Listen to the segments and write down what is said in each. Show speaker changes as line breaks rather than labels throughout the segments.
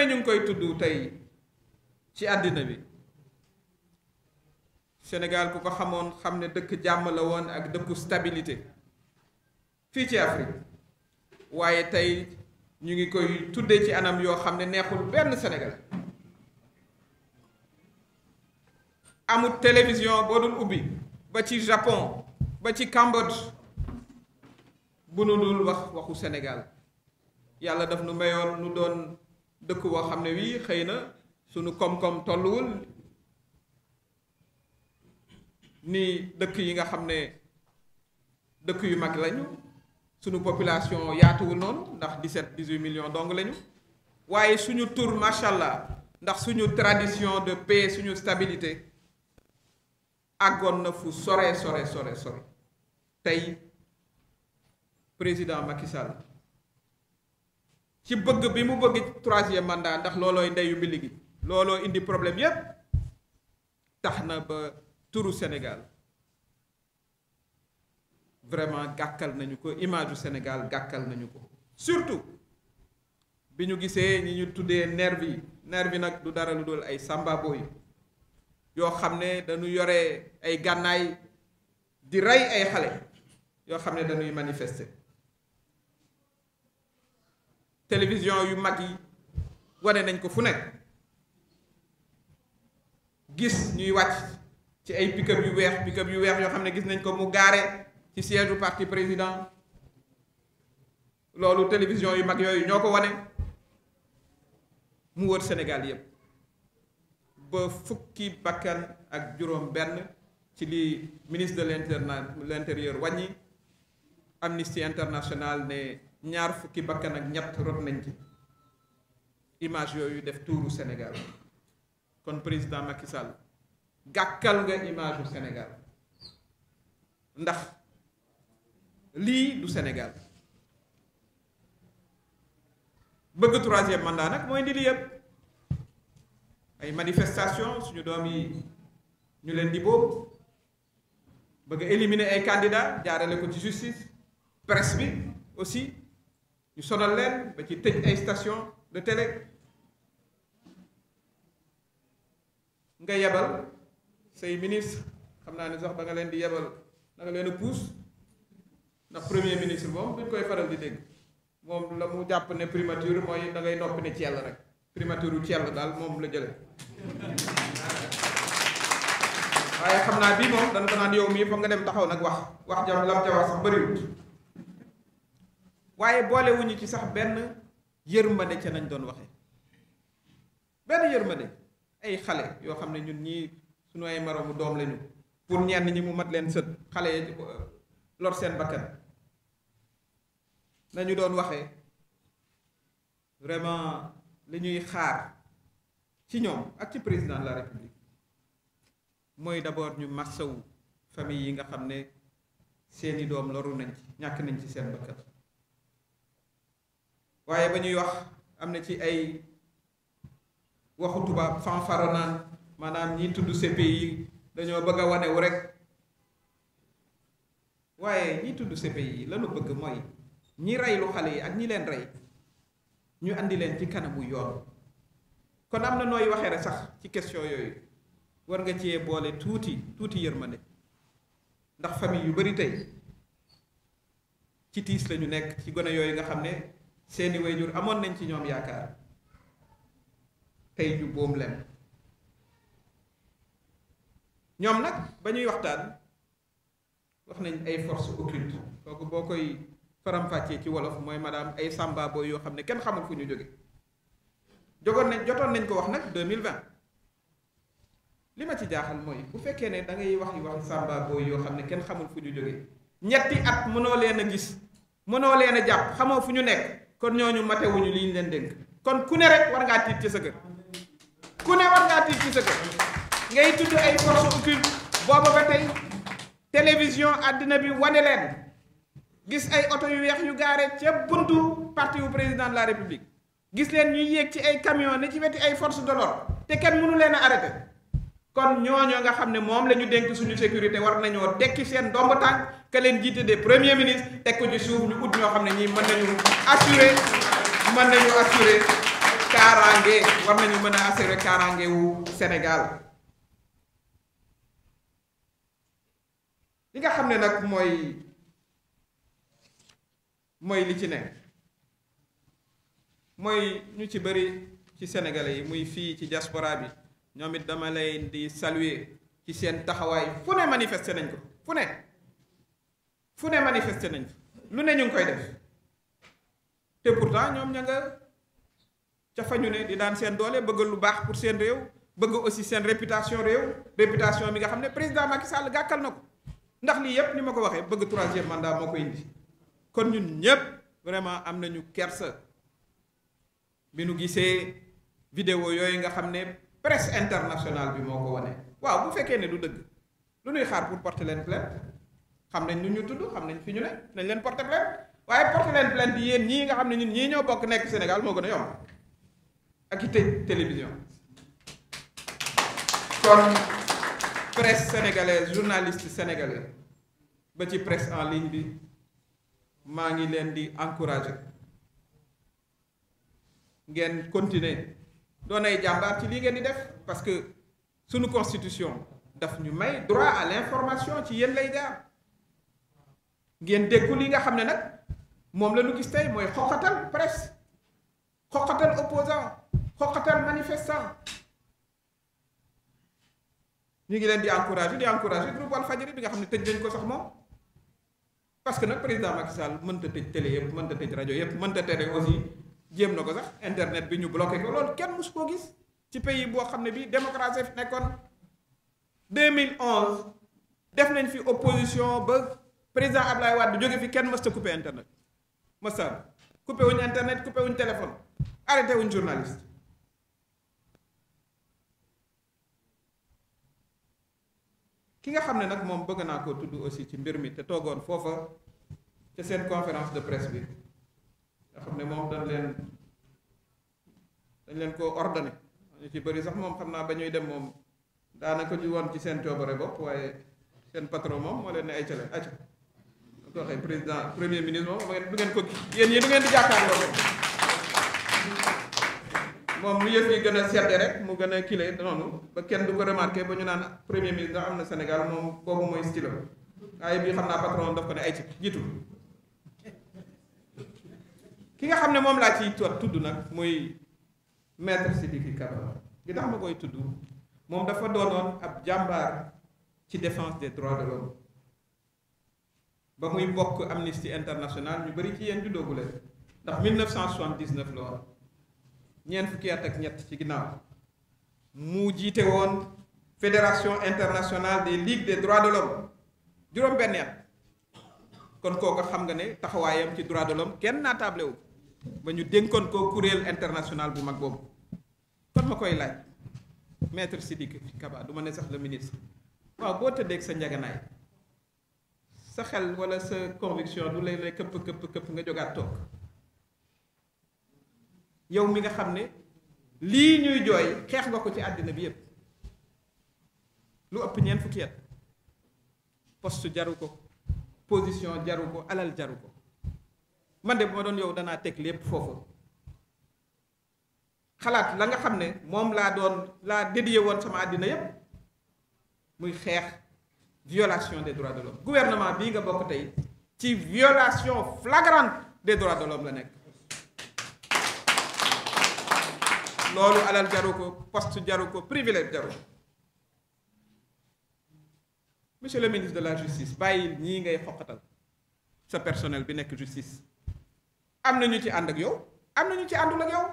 ne ñu ngi koy tudd tey ci àddina bi Sénégal ku ko xamoon xam ne dëkk jàmm la woon ak dëkku stabilité fii ci Afrique waaye tey ñu ngi koy tuddee ci anam yoo xam ne neexul benn Sénégal amul télévision boo dul ubbi ba ci Japon ba ci Cambodge bu nu dul wax waxu Sénégal yàlla daf nu mayoon nu doon dëkk woo xam ne wii xëy na sunu koom-koom tolluwul ni dëkk yi nga xam ne dëkk yu mag lañu sunu population yaatuwul noonu ndax set 17 18 million dong lañu waaye suñu tur macha allah ndax suñu tradition de paix suñu stabilité àggoon na fu sore sore sore sore tey président Macky ci bëgg bi mu bëgg troisier mandat ndax loolooy ndeyu mbili gi looloo indi problème yépp tax na ba turu Sénégal vraiment gàkkal nañu ko image du Sénégal gàkkal nañu ko surtout bi ñu gisee ñi ñu tuddee nervi yi nervi nag du dara lu dul ay sambabo yi yoo xam ne dañu yore ay gànnaay di rey ay xale yoo xam ne dañuy manifester télévision yu mag yi wane nañ ko fu nekk gis ñuy wàcc ci ay pick yu weex pick yu weex yoo xam ne gis nañ ko mu gaare ci siège u parti président loolu télévision yu mag yooyu ñoo ko wane mu wër Sénégal yépp ba fukki bakkan ak juróom benn ci li ministre de l'intérieur wàññi Amnesty International ne ñaar fukki bakkan ak ñett rot nañ ci image yooyu def tuuru Sénégal kon président Macky Sall gàkkal nga image u Sénégal ndax lii du Sénégal bëgg troisième mandat nag mooy ndi li ay manifestation suñu doom yi ñu leen di boobu bëgg éliminer ay candidats jaarale ko ci justice presse bi aussi ñu sonal leen ba ci tëj ay station de télé nga yebal say ministre xam naa ne sax ba nga leen di yebal da nga leen a puus ndax premier ministre moom duñ koy faral di dégg moom la mu jàpp ne primature mooy da ngay noppi ne ciel rek primature yu ciel daal moom la jële waaye xam naa bii moom dañ ko naan yow mii fa nga dem taxaw nag wax wax jam lam ca wax sax bëriwut waaye boolewuñu ci sax benn yërmande ca nañ doon waxe benn yërmande ay xale yoo xam ne ñun ñii suñu ay maroomu doom lañu pour ñenn ñi mu mat leen sët xale yi uh, lor seen bakkan nañu doon waxee vraiment li ñuy xaar ci ñoom ak ci président de la république mooy d'abord ñu massawu famille yi nga xam ne seeni doom loru nañ ci ñàkk nañ ci seen bakkan waaye ba ñuy wax am na ci ay waxu tubaab fanfaronnaan maanaam ñi tudd yi dañoo bëgg a wanewu rek waaye ñi tudd yi lanu bëgg mooy ñi reylu xale yi ak ñi leen rey ñu indi leen ci kanamu yoon kon am na nooy waxee rek sax ci question yooyu war nga cee boole tuuti tuuti yërmande ndax famille yu bari tey ci tiis la ñu nekk ci gone yooyu nga xam ne seeni wayjur amoon nañ ci ñoom yaakaar tey ñu boom leen ñoom nag ba ñuy waxtaan wax nañ ay force occulte kooku boo koy faram ci wolof mooy maanaam ay sàmba booy yoo xam ne kenn xamul fu ñu jóge jogoon nañ jotoon nañ ko wax nag 2020 li ma ci jaaxal mooy bu fekkee ne da ngay wax yi wax sàmba yoo xam ne kenn xamul fu ñu jóge ñetti at mënoo leen a gis mënoo leen a jàpp xamoo fu ñu nekk kon ñooñu matewuñu li ñu leen dénk kon ku ne rek war ngaa tiit ci sa ku ne war ngaa tiit ci sa ngay tudd ay force occulte booba ba tey télévision àddina bi wane leen gis ay oto yu weex yu gaaree ca buntu parti yu président la république gis leen ñuy yéeg ci ay camion ne ci weti ay force de l'ordre te kenn mënu leen a arrêté kon ñooñoo nga xam ne moom la ñu dénk suñu sécurité war nañoo tekki seen domb tànk ka leen jiite des premiers ministres te ko ci suuf ñu ut ñoo xam ne ñii mën nañu assurer mën nañu assurer kaaraange war nañu mën a assurer kaaraange wu Sénégal. li nga xam ne nag mooy mooy li ci ne mooy ñu ci bëri ci sénégalais yi muy fii ci diaspora bi. ñoom it dama lay di saluer ci seen taxawaay fu ne manifester nañ ko fu ne fu ne manifester nañ ko lu ne ñu ngi koy def te pourtant ñoom ña nga ca fa ñu ne di daan seen doole bëgg lu baax pour seen réew bëgg aussi seen réputation réew réputation bi nga xam ne président Macky sàll gàkkal na ko ndax lii yépp li ma ko waxee bëgg troisième mandat moo ko indi kon ñun ñépp vraiment am nañu kersa bi nu gisee vidéo yooyu nga xam ne presse internationale bi moo ko wane waaw bu fekkee ne du dëgg lu nuy xaar pour porter leen plainte xam nañ lu ñu tudd xam nañ fi ñu ne nañ leen porter plainte waaye porter leen plainte yéen ñii nga xam ne ñun ñii ñoo bokk nekk Sénégal moo gën a yomb ak i tëj télévision kon presse sénégalaise journaliste sénégalais ba ci presse en ligne bi maa ngi leen di encourager ngeen continuer doon ay jàmbaar ci lii ngeen di def parce que sunu constitution daf ñu may droit à l'information ci yéen lay jaar ngeen déggu li nga xam ne nag moom la ñu gis tey mooy xoqatal presse xoqatal opposant xoqatal manifestant ñu ngi leen di encouragé di encouragé groupe Walfadjri bi nga xam ne tëj nañ ko sax moom parce que nag président Macky Sall mënta tëj télé yëpp mënta tëj rajo yëpp mënta tere aussi jéem na ko sax internet bi ñu bloqué ko loolu kenn mosu koo gis ci pays boo xam ne bii démocratie fi nekkoon 2011 def nañ fi opposition ba président Ablaye Wade jóge fi kenn mës ta coupé internet mës ta coupé wuñ internet coupé wuñ téléphone arrêté wuñ journaliste ki nga xam ne nag moom bëgg naa ko tudd aussi ci mbir mi te toogoon foofa ca seen conférence de presse bi. xam ne moom dañ leen dañ leen ko ordonné ñu ci bëri sax moom xam naa ba ñuy dem moom daanaka ñu woon ci seen coobare bopp waaye seen patron moom moo leen ne ay cale aco ko waxee président premier ministre moom du ngeen ko yéen yi du ngeen moom lu yëf yi gën a sedde rek mu gën a kile noonu ba kenn du ko remarqué ba ñu naan premier ministre am na Sénégal moom boobu mooy style waaye bii xam naa patron daf ko ne ay ci jiitu ki nga xam ne moom laa ciy tudd nag muy maître Sidiki Kaba gi tax ma koy tudd moom dafa doonoon ab jàmbaar ci défense de droits de l'homme ba muy bokk Amnesty International ñu bari ci yéen juddoogu leen ndax 1979 la woon ñeent fukki ak ñett ci ginnaaw mu jiite woon fédération internationale des ligues des droits de l'homme juróom benn at kon kooku xam nga ne taxawaayam ci droits de l'homme kenn naataable wu ba ñu dénkoon ko kuréel international bu mag boobu kon ma koy laaj si Sidiki Kaba du ma ne sax le ministre waaw boo tëddeeg sa njaganaay sa xel wala sa conviction du lay ne këpp këpp këpp nga jógaat toog yow mi nga xam ne lii ñuy jooy xeex nga ko ci àddina bi yépp lu ëpp ñeent fukki at poste jaru ko position jaru ko alal jaru ko man de bu ma doon yow danaa teg yépp foofu xalaat la nga xam ne moom laa doon laa dédié woon sama àddina yépp muy xeex violation des droits de l'homme gouvernement bii nga bokk tey ci violation flagrante des droits de l'homme la nekk loolu alal jaru ko poste jaru ko privilège jaru ko monsieur le ministre de la justice bàyyil ñii ngay xoqatal sa personnel bi nekk justice am na ñu ci ànd ak yow am na ñu ci àndul ak yow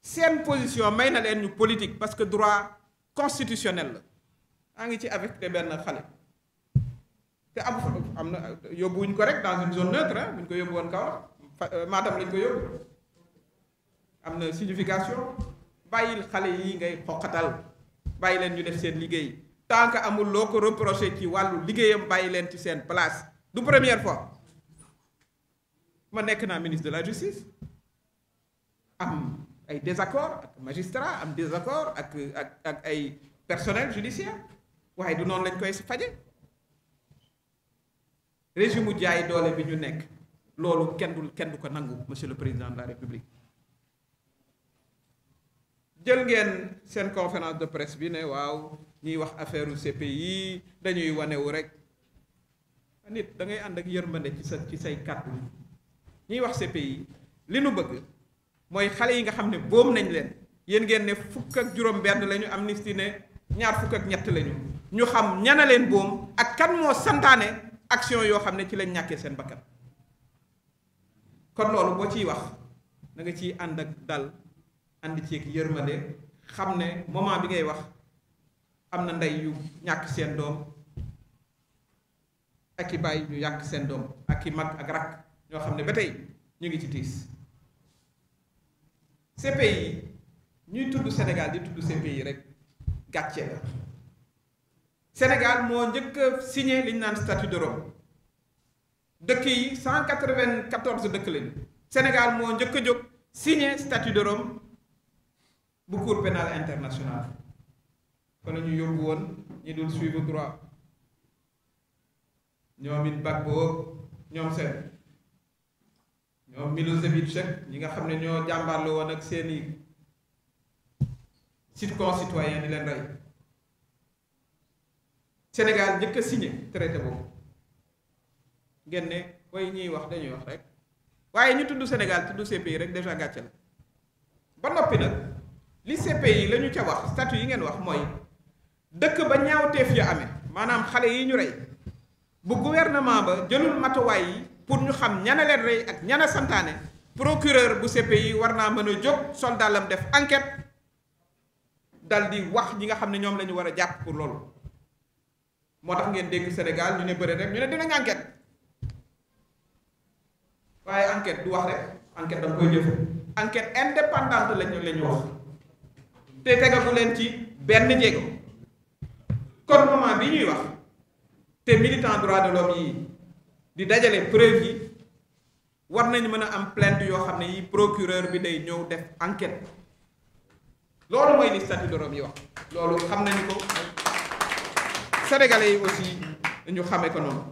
seen position may na leen ñu politique parce que droit constitutionnel la maa ngi ci avec benn xale te am am na yóbbuwuñ ko rek dans une zone neutre bu ñu ko yóbbu woon kaw euh, maatam lañ ko yóbbu am na signification bàyyil xale yi ngay xoqatal bàyyi leen ñu def seen liggéey tant que amul loo ko reproché ci wàllu liggéeyam bàyyi leen ci seen place du première fois ma nekk naa ministre de la justice am ay désaccord ak magistrat am désaccord ak ak ak ay personnel judiciaire waaye du noonu lañ koy faje régime jaay doole bi ñu nekk loolu kenn du kenn du ko nangu monsieur le président de la république jël ngeen seen conférence de presse bi ne waaw ñuy wax affaire u yi dañuy wanewu rek nit da ngay ànd ak yërmande ci sa ci say kàddu ñuy wax CPI li nu bëgg mooy xale yi nga xam ne boom nañ leen yéen ngeen ne fukk ak juróom-benn lañu amnistie ne ñaar fukk ak ñett lañu ñu xam ñana leen boom ak kan moo santaane action yoo xam ne ci lañ ñàkkee seen bakkan kon loolu boo ciy wax na ciy ànd ak dal ànd ci ak yërmande xam ne moment bi ngay wax am na ndey yu ñàkk seen doom ak i bàyyi yu yàq seen doom ak i mag ak rakk. yoo xam ne ba tey ñu ngi ci tiis CPI ñuy tudd Sénégal di tudd CPI rek gàcce la Sénégal moo njëkk a liñ naan statut de Rome dëkk yi cent quatre-vingt-quatorze dëkk leen Sénégal moo njëkk a jóg signé statut de Rome bu cour pénal international fa la ñu yóbbu woon ñi dul suivre droit ñoom it Gbagbo ñoom seen ñoom Milosevic ak ñi nga xam ne ñoo jàmbaarlu woon ak seeni sit concitoyen di leen rey Sénégal njëkk a traité boobu ngeen ne way ñuy wax dañuy wax rek waaye ñu tudd Sénégal tudd yi rek déjà gàcce la ba noppi nag li CPI yi lañu ca wax statut yi ngeen wax mooy dëkk ba ñaaw teef ya amee maanaam xale yi ñu rey bu gouvernement ba jëlul matuwaay yi pour ñu xam ñana leen rey ak ñana santaane procureur bu yi war naa mën a jóg sol dàllam def enquête dal di wax ñi nga xam ne ñoom lañu war a jàpp pour loolu moo tax ngeen dégg Sénégal ñu ne bëri rek ñu ne dinañ enquête waaye enquête du wax rek enquête danga koy jëf enquête indépendante lañu la ñu wax te tegagu leen ci benn jéego kon moment bi ñuy wax te militant droit de l'homme yi di dajale preuve war nañ mën a am plainte yoo xam ne yi procureur bi day ñëw def enquête loolu mooy li statut de Rome yi wax loolu xam nañu ko sénégalais yi aussi ñu xamee ko noonu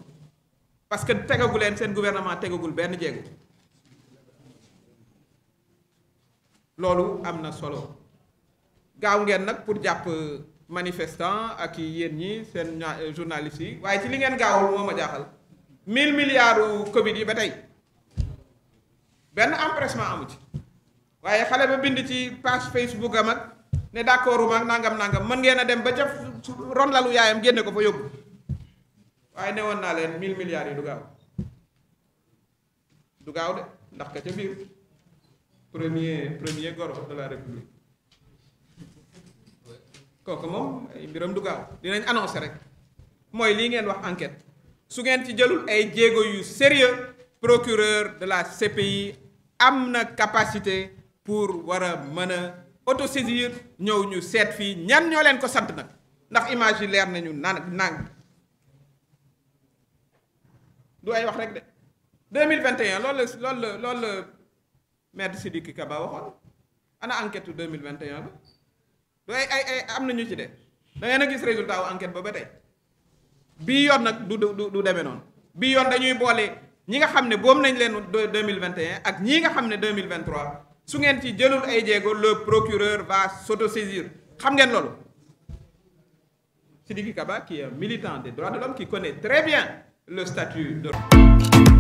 parce que tegagu leen seen gouvernement tegagul benn jéego loolu am na solo gaaw ngeen nag pour jàpp euh, manifestant ak yéen ñi seen journalistes yi waaye ci li ngeen gaawul moo ma jaaxal. mille milliards Covid yi ba tey benn empressement amu ci waaye xale ba bind ci page Facebook am ak ne d'accordu ma ak nangam nangam mën ngeen a dem ba ca ron lalu yaayam génne ko fa yóbbu waaye ne woon naa leen mille milliards yi du gaaw gaaw de ndax ka ca biir premier premier goro de la kooku moom mbiram du gaaw dinañ annoncé rek mooy lii ngeen wax enquête. su ngeen ci jëlul ay jéego yu sérieux procureur de la CPI am na capacité pour war a mën a autosaisir ñëw ñu seet fii ñan ñoo leen ko sant nag ndax image yi leer nañu naan nang du ay wax rek de mille 2021 loolu la loolu la loolu la maître Sidiki Kaba waxoon ana enquête 2021 bi du ay ay ay am na ñu ci de da ngeen a gis résultat wu enquête ba ba tey bii yoon nag du du demee noonu bii yoon dañuy boolee ñi nga xam ne boobu nañ leen deux mille vingt et un ak ñii nga xam ne deux mille vingt trois su ngeen ci jëlul ay jéego le procureur va s'autosaisir xam ngeen loolu. Sidiki Kaba qui est un militant des droits de l'homme qui connaît très bien le statut de.